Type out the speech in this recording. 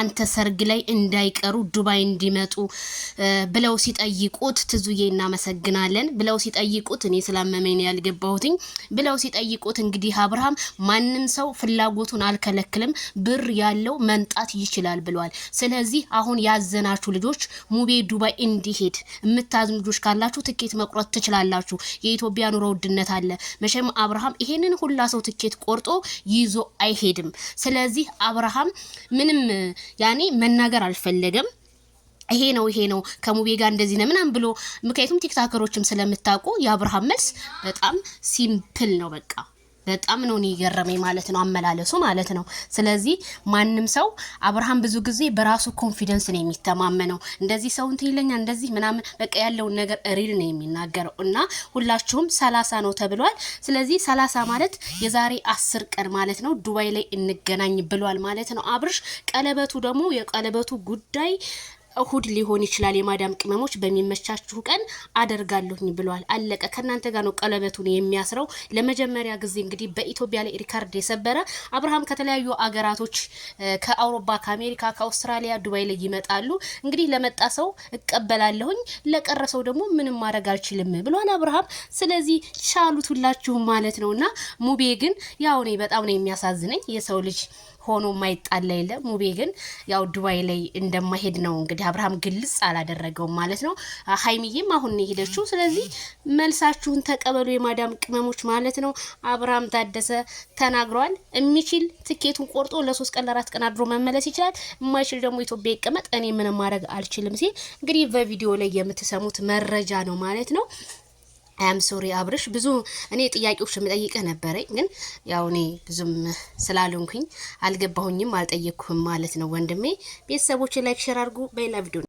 አንተ ሰርግ ላይ እንዳይቀሩ ዱባይ እንዲመጡ ብለው ሲጠይቁት ትዙዬ እናመሰግናለን ብለው ሲጠይቁት እኔ ስላመመኝ ያልገባሁትኝ ብለው ሲጠይቁት እንግዲህ አብርሃም ማንም ሰው ፍላጎቱን አልከለክልም ብር ያለው መምጣት ይችላል ብሏል። ስለዚህ አሁን ያዘናችሁ ልጆች ሙቤ ዱባይ እንዲሄድ የምታዝኑ ልጆች ካላችሁ ትኬት መቁረጥ ትችላላችሁ። የኢትዮጵያ ኑሮ ውድነት አለ። መቼም አብርሃም ይሄንን ሁላ ሰው ትኬት ቆርጦ ይዞ አይሄድም። ስለዚህ አብርሃም ምንም ያኔ መናገር አልፈለገም። ይሄ ነው ይሄ ነው ከሙቤ ጋር እንደዚህ ነው ምናምን ብሎ ምክንያቱም ቲክታከሮችም ስለምታውቁ የአብርሃም መልስ በጣም ሲምፕል ነው በቃ በጣም ነው እኔ የገረመኝ ማለት ነው፣ አመላለሱ ማለት ነው። ስለዚህ ማንም ሰው አብርሃም ብዙ ጊዜ በራሱ ኮንፊደንስ ነው የሚተማመነው። እንደዚህ ሰው እንትን ይለኛል እንደዚህ ምናምን በቃ ያለውን ነገር ሪል ነው የሚናገረው እና ሁላችሁም ሰላሳ ነው ተብሏል። ስለዚህ ሰላሳ ማለት የዛሬ አስር ቀን ማለት ነው ዱባይ ላይ እንገናኝ ብሏል ማለት ነው። አብርሽ ቀለበቱ ደግሞ የቀለበቱ ጉዳይ እሁድ ሊሆን ይችላል። የማዳም ቅመሞች በሚመቻችሁ ቀን አደርጋለሁኝ ብለዋል። አለቀ። ከእናንተ ጋር ነው ቀለበቱን የሚያስረው። ለመጀመሪያ ጊዜ እንግዲህ በኢትዮጵያ ላይ ሪካርድ የሰበረ አብርሃም ከተለያዩ አገራቶች ከአውሮፓ፣ ከአሜሪካ፣ ከአውስትራሊያ ዱባይ ላይ ይመጣሉ። እንግዲህ ለመጣ ሰው እቀበላለሁኝ፣ ለቀረ ሰው ደግሞ ምንም ማድረግ አልችልም ብሏል አብርሃም። ስለዚህ ቻሉት ሁላችሁም ማለት ነው እና ሙቤ ግን ያው እኔ በጣም ነው የሚያሳዝነኝ የሰው ልጅ ሆኖ የማይጣላ የለም። ሙቤ ግን ያው ዱባይ ላይ እንደማይሄድ ነው እንግዲህ አብርሃም ግልጽ አላደረገውም ማለት ነው። ሀይሚዬም አሁን የሄደችው ስለዚህ መልሳችሁን ተቀበሉ የማዳም ቅመሞች ማለት ነው። አብርሃም ታደሰ ተናግሯል። የሚችል ትኬቱን ቆርጦ ለሶስት ቀን ለአራት ቀን አድሮ መመለስ ይችላል። የማይችል ደግሞ ኢትዮጵያ ይቀመጥ፣ እኔ ምንም ማድረግ አልችልም ሲል እንግዲህ በቪዲዮ ላይ የምትሰሙት መረጃ ነው ማለት ነው። አም ሶሪ አብርሽ፣ ብዙ እኔ ጥያቄዎች የምጠይቅህ ነበረኝ፣ ግን ያው እኔ ብዙም ስላልሆንኩኝ አልገባሁኝም፣ አልጠየቅኩም ማለት ነው ወንድሜ። ቤተሰቦች ላይክ ሸር አድርጉ። በሌላ ቪዲዮ